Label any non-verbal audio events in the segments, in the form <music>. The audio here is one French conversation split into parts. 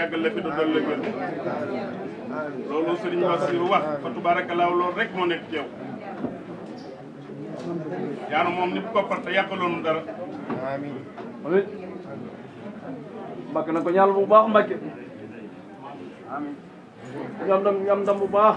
yàggal la fi te doon la gën loolu sëriñ Bassirou wax fa tubaarakallaaw loolu rek moo nekk ci na ko bu baax mbàkke amiin ñam ndam bu baax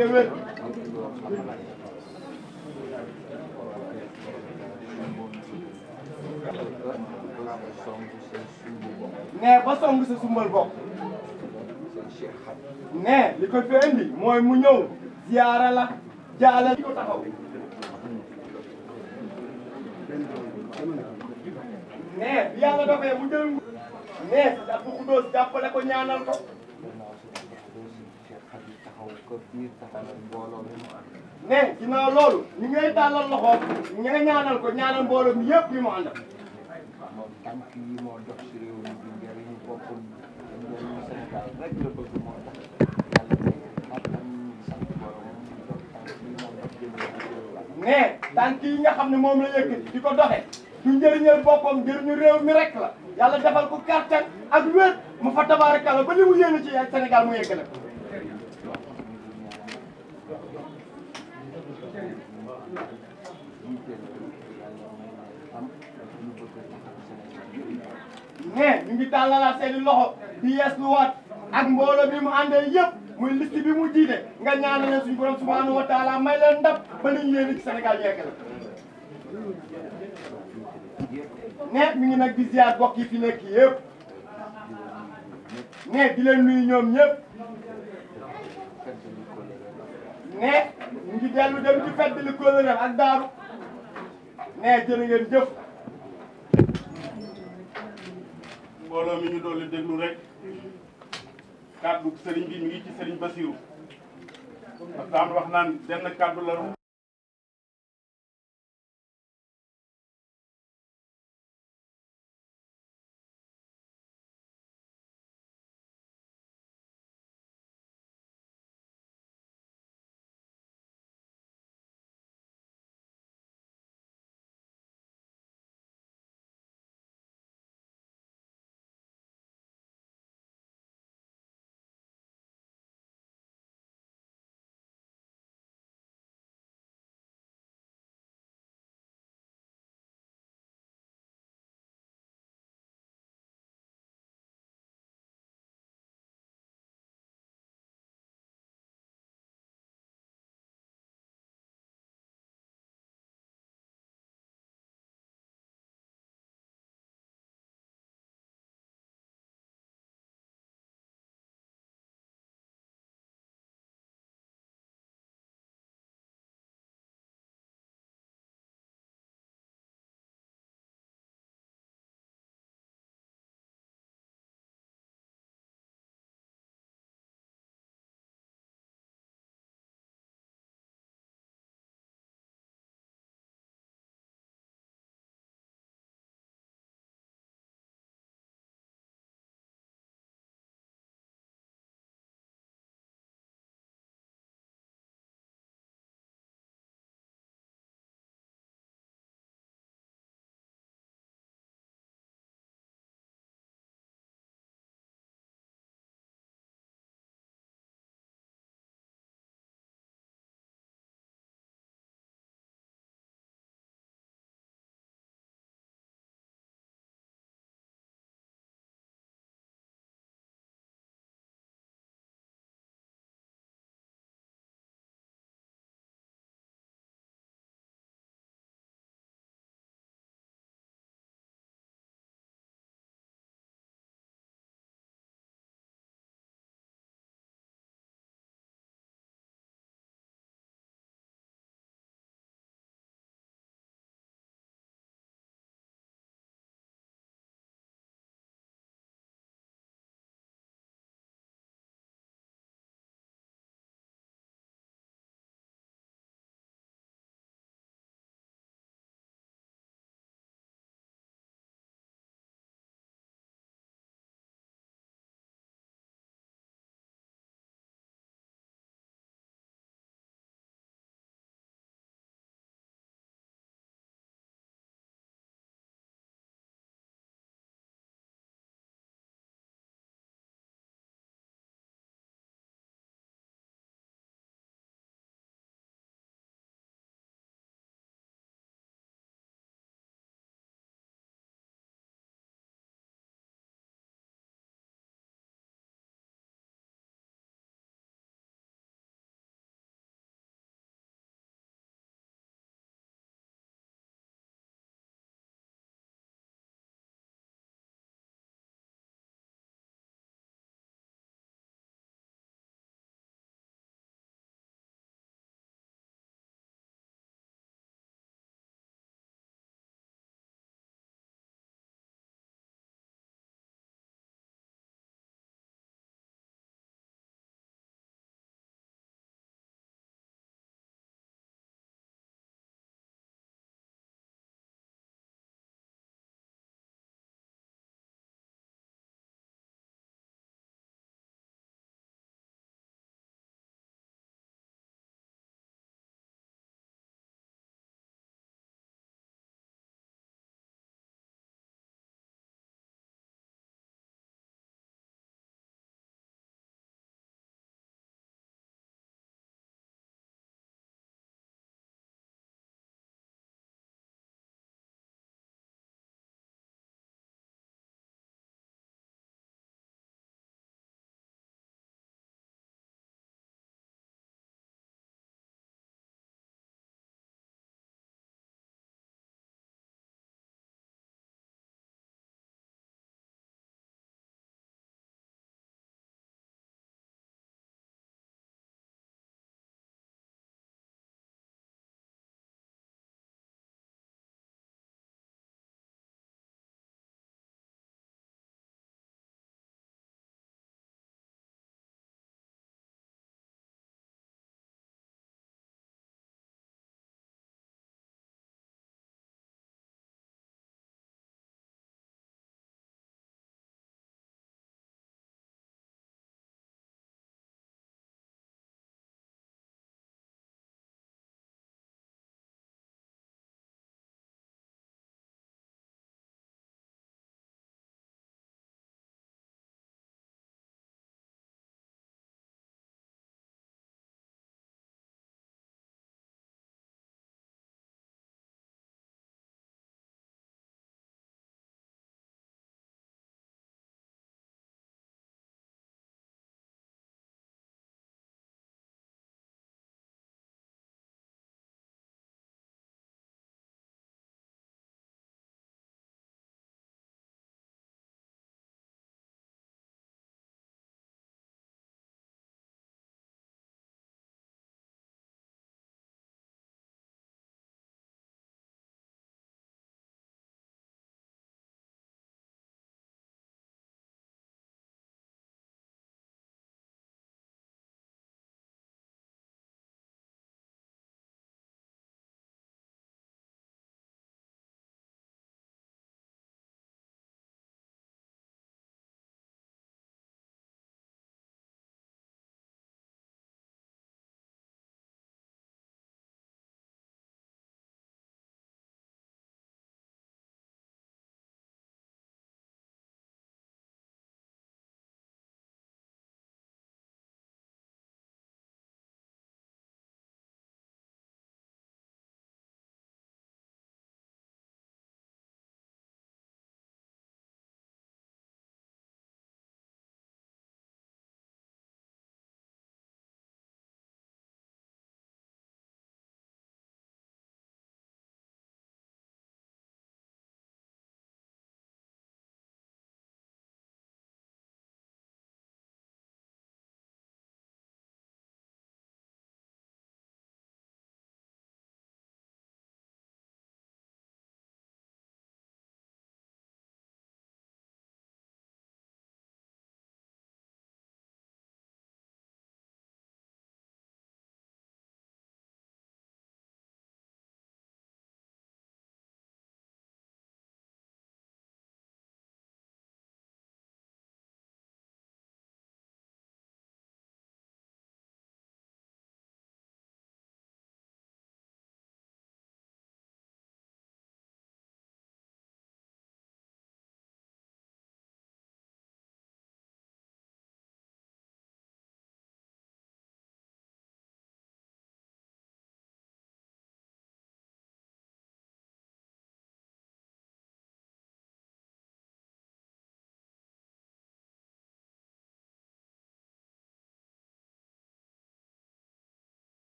te nee ba song sa sumbal bopp nee li ko fi indi mooy mu ñëw ziyaara la li ko taxaw nee bi yàlla dofee mu jël nee sa bu xudóos jàppale ko ñaanal ko ne ginnaaw loolu ni ngay tàllal loxoom ña nga ko ñaanal mbooloo mi yëpp yi mu àndal. moom tànk réew mi di njëriñu boppam yi moo xam ne moom la yëkkati di ko doxee du njëriñal boppam njëriñu réew mi rek yàlla defal ko kàttan ak wér mu fa tabaarakalla ba li mu yéene ci Sénégal mu yegg nag. mais ñu ngi tàllalaat seen i loxo di yeesluwaat ak mbooloo bi mu àndee yëpp muy liste bi mu jiite nga ñaanale suñu borom subhanahu wa taala may leen ndam ba li ñu yéene ci Sénégal yeggale ne mi fi nekk yëpp ne di leen ñoom ñëpp ne eh, ñu ngi dellu dem ci fedd li kóllëreem ak daaru ne eh, jërë ngeen jëf mbooloo mi ñu doon leen déglu rek kàddu sëriñ bi mi ngi ci ba Basiru parce que am wax naan benn kàddu la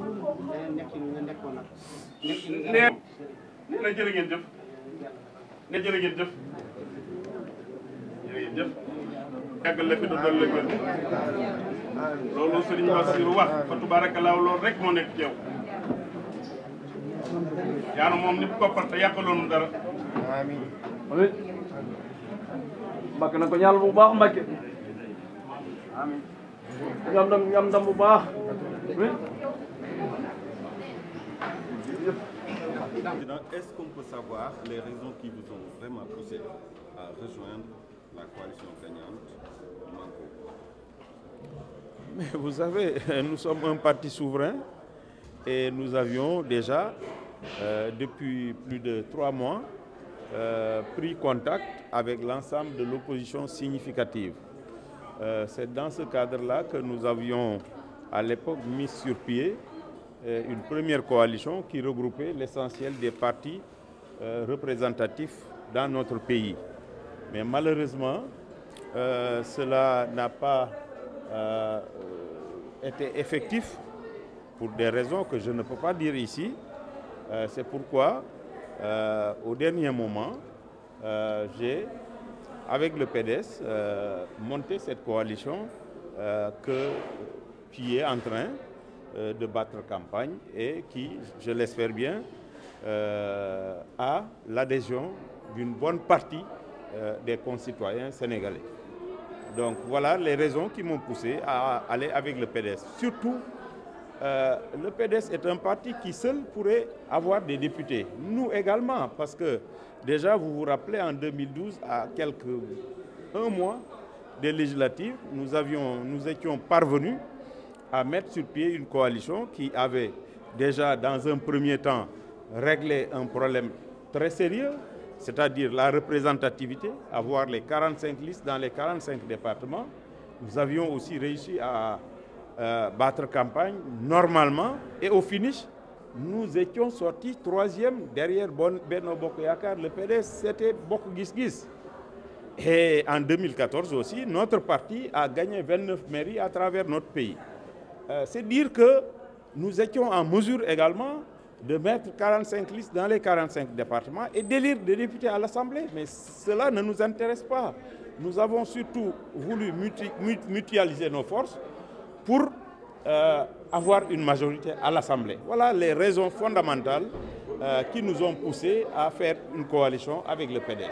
nee na jërë ngeen jëf ne jërë jëf jërë ngeen jëf yàggal la fi loolu rek moo nekk ci yaanu moom ni ko parte yàqaloonu dara amiin mbàkk na ko ñaal bu baax mbàkke amiin ñam ndam ñam ndam bu baax est-ce qu'on peut savoir les raisons qui vous ont vraiment poussé à rejoindre la coalition gagnante Mais vous savez, <laughs> nous sommes un parti souverain et nous avions déjà, euh, depuis plus de trois mois, euh, pris contact avec l'ensemble de l'opposition significative. Euh, c'est dans ce cadre-là que nous avions à l'époque mis sur pied euh, une première coalition qui regroupait l'essentiel des partis euh, représentatifs dans notre pays. Mais malheureusement, euh, cela n'a pas été effectif pour des raisons que je ne peux pas dire ici. C'est pourquoi, au dernier moment, j'ai, avec le PDS, monté cette coalition que, qui est en train euh, de battre campagne et qui, je l'espère bien, euh, a l'adhésion d'une bonne partie euh, des concitoyens sénégalais. Donc voilà les raisons qui m'ont poussé à aller avec le PDS. Surtout, le PDS est un parti qui seul pourrait avoir des députés. Nous également, parce que déjà, vous vous rappelez, en 2012, à quelques un mois des législatives, nous, avions, nous étions parvenus à mettre sur pied une coalition qui avait déjà dans un premier temps réglé un problème très sérieux, c'est-à-dire la représentativité, avoir les 45 listes dans les 45 départements. Nous avions aussi réussi à euh, battre campagne normalement et au finish, nous étions sortis troisième derrière Beno Bokoyakar. Le PDS, c'était Boko Et en 2014 aussi, notre parti a gagné 29 mairies à travers notre pays. Euh, c'est dire que nous étions en mesure également de mettre 45 listes dans les 45 départements et d'élire des députés à l'Assemblée. Mais cela ne nous intéresse pas. Nous avons surtout voulu mutualiser nos forces pour euh, avoir une majorité à l'Assemblée. Voilà les raisons fondamentales euh, qui nous ont poussé à faire une coalition avec le PDS.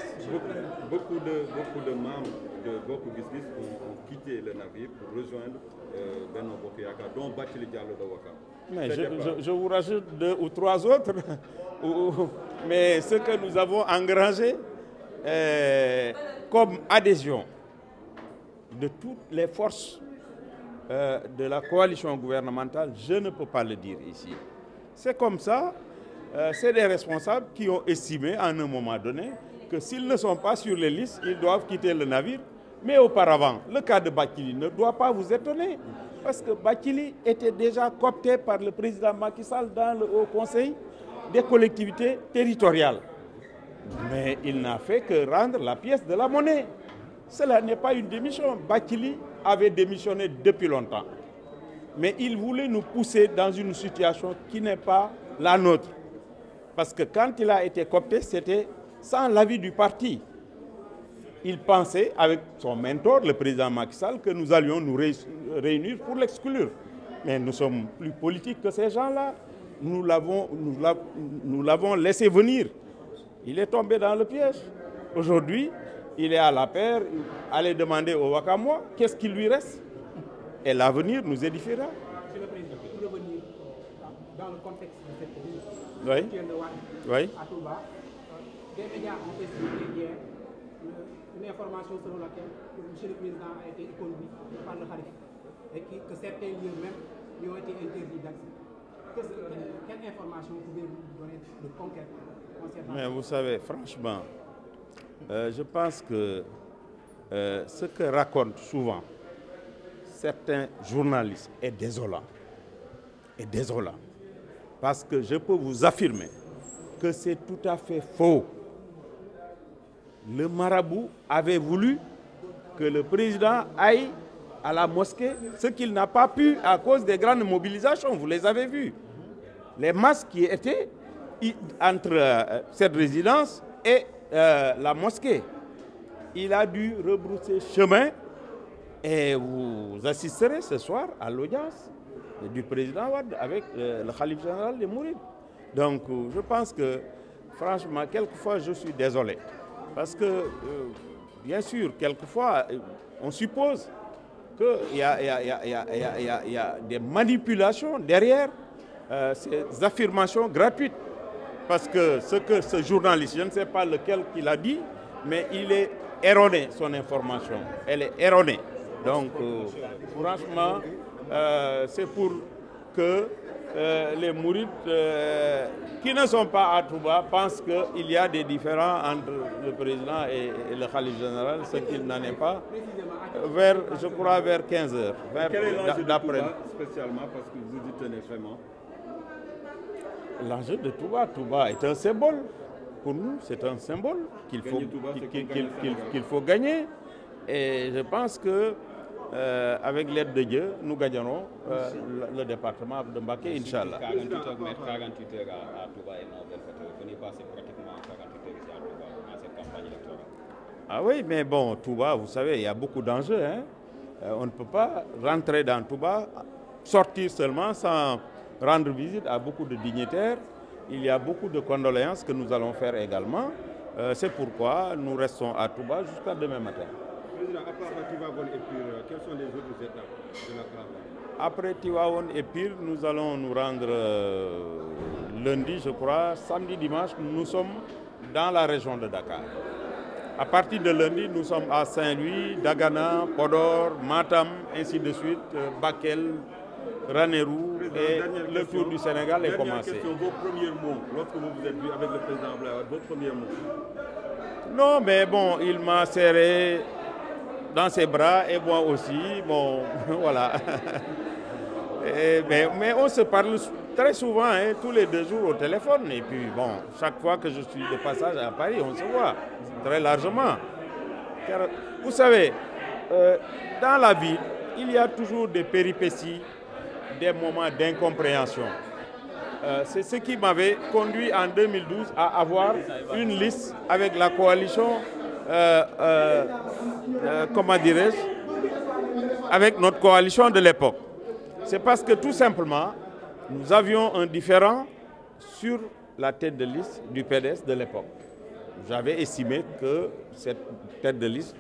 Beaucoup, de, beaucoup de membres de Business ont, quitté le navire pour rejoindre euh, Bokéaka, dont Bachelet Diallo de Waka. Mais je, je, vous rajoute deux ou trois autres. <laughs> Mais ce que nous avons engrangé euh, comme adhésion de toutes les forces euh, de la coalition gouvernementale, je ne peux pas le dire ici. C'est comme ça euh, c'est des responsables qui ont estimé en un moment donné que s'ils ne sont pas sur les listes, ils doivent quitter le navire. Mais auparavant, le cas de Bakili ne doit pas vous étonner, parce que Bakili était déjà coopté par le président Macky Sall dans le Haut Conseil des collectivités territoriales. Mais il n'a fait que rendre la pièce de la monnaie. Cela n'est pas une démission. Bakili avait démissionné depuis longtemps. Mais il voulait nous pousser dans une situation qui n'est pas la nôtre. Parce que quand il a été copté, c'était sans l'avis du parti. Il pensait, avec son mentor, le président Macky Sall, que nous allions nous réunir pour l'exclure. Mais nous sommes plus politiques que ces gens-là. Nous l'avons laissé venir. Il est tombé dans le piège. Aujourd'hui, il est à la paire. allait demander au Wakamwa qu'est-ce qui lui reste. Et l'avenir nous édifiera. Oui. Oui. À Touba. Euh, des médias ont expliqué hier une information selon laquelle M. le Président a été conduit par le Khalif et que certains lieux même lui ont été interdits d'accès. quelles euh, quelle information pouvez-vous donner de concret concernant Mais vous savez, franchement, euh, je pense que ce que racontent souvent certains journalistes est désolant. Est désolant. Parce que je peux vous affirmer que c'est tout à fait faux. Le marabout avait voulu que le président aille à la mosquée, ce qu'il n'a pas pu à cause des grandes mobilisations, vous les avez vues. Les masques qui étaient entre euh, cette résidence et euh, la mosquée. Il a dû rebrousser chemin et vous assisterez ce soir à l'audience du président Wade avec euh, le, Khalif général de Mourides. Donc euh, je pense que, franchement, quelquefois je suis désolé. Parce que, euh, bien sûr, quelquefois, on suppose qu'il y, a des manipulations derrière ces affirmations gratuites. Parce que ce que ce journaliste, je ne sais pas lequel qu'il a dit, mais il est erroné, son information. Elle est erronée. Donc, franchement... Euh, c'est pour que euh, les mourites euh, qui ne sont pas à Touba pensent qu'il y a des différends entre le président et, le Khalif général, ce qu'il n'en est pas, vers, je crois vers 15 h Vers, Quel d'après spécialement parce que vous y tenez vraiment L'enjeu de Touba, Touba est un symbole. Pour nous, c'est un symbole qu'il faut, qu'il faut gagner. Et je pense que euh, avec l'aide de Dieu, nous gagnerons euh, le, département de Mbaké, Inch'Allah. 48 heures à, Touba et pratiquement 48 heures à cette campagne électorale. Ah oui, mais bon, Touba, vous savez, il y a beaucoup d'enjeux. Hein. Euh, on ne peut pas rentrer dans Touba, sortir seulement sans rendre visite à beaucoup de dignitaires. Il y a beaucoup de condoléances que nous allons faire également. C'est pourquoi nous restons à Touba jusqu'à demain matin. Après à et Pire, quelles sont les autres étapes de la Après Tivaouane et Pire, nous allons nous rendre euh, lundi, je crois, samedi, dimanche, nous sommes dans la région de Dakar. À partir de lundi, nous sommes à Saint-Louis, Dagana, Podor, Matam, ainsi de suite, euh, Bakel, Ranerou et le tour du Sénégal est commencé. Question, vos premiers mots, lorsque vous vous êtes vu avec le président Blair, vos premiers mots Non, mais bon, il m'a serré dans ses bras et moi aussi. Bon, <laughs> voilà. mais, on se parle très souvent, hein, tous les deux jours au téléphone. Et puis, bon, chaque fois que je suis de passage à Paris, on se voit très largement. Car, vous savez, euh, dans la vie, il y a toujours des péripéties, des moments d'incompréhension. Euh, c'est ce qui m'avait conduit en 2012 à avoir une liste avec la coalition euh, euh, euh, comment dirais-je, avec notre coalition de l'époque. C'est parce que tout simplement, nous avions un différent sur la tête de liste du PDS de l'époque. J'avais estimé que cette tête de liste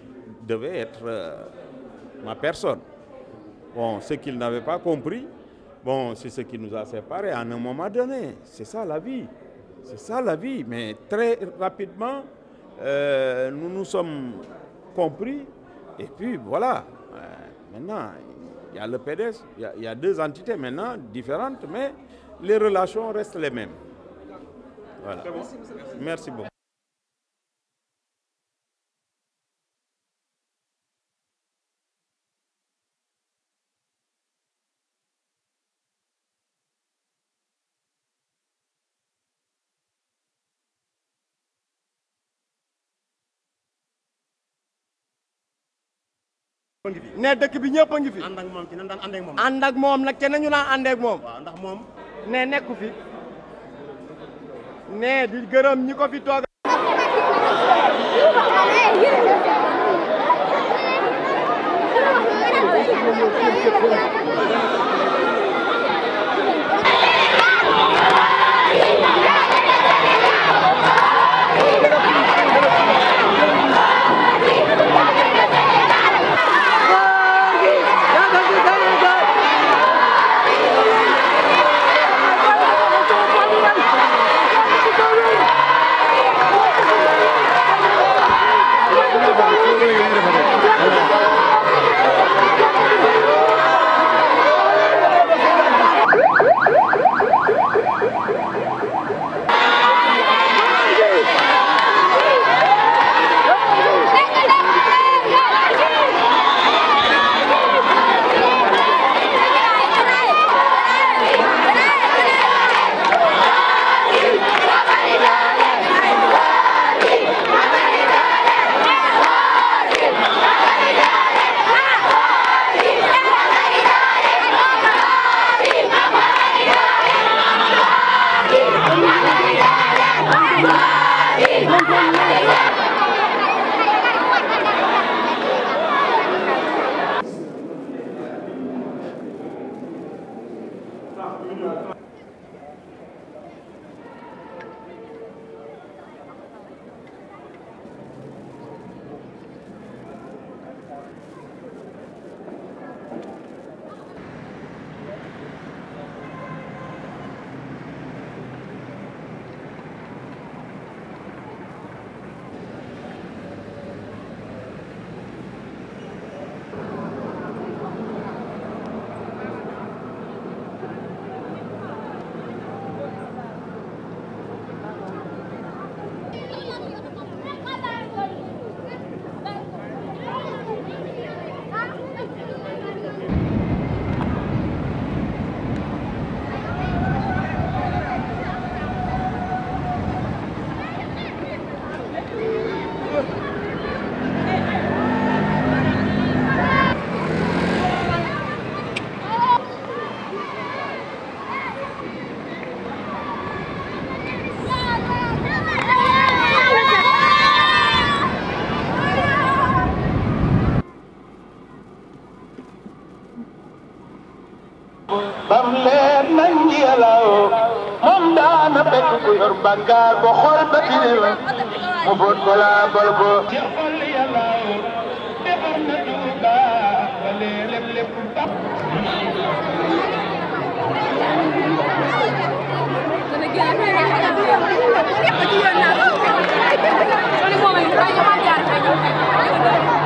devait être ma personne. Bon, ce qu'il n'avait pas compris, bon, c'est ce qui nous a séparés à un moment donné. C'est ça la vie. C'est ça la vie. Mais très rapidement, euh, nous nous sommes compris. Et puis voilà, euh, maintenant, il y a le PDS, il y, a deux entités maintenant différentes, mais les relations restent les mêmes. Merci beaucoup. ne dëkk bi ñëpp a fi. ànd ak moom ci nañ daan ànd ak moom. ànd ak moom na te nañu naan ànd ak moom. waaw moom. ne nekku fi. ne di gërëm ñi ko fi toog. bàkkaar bu xol ba tilim mu boot ko laabal ko Thank you.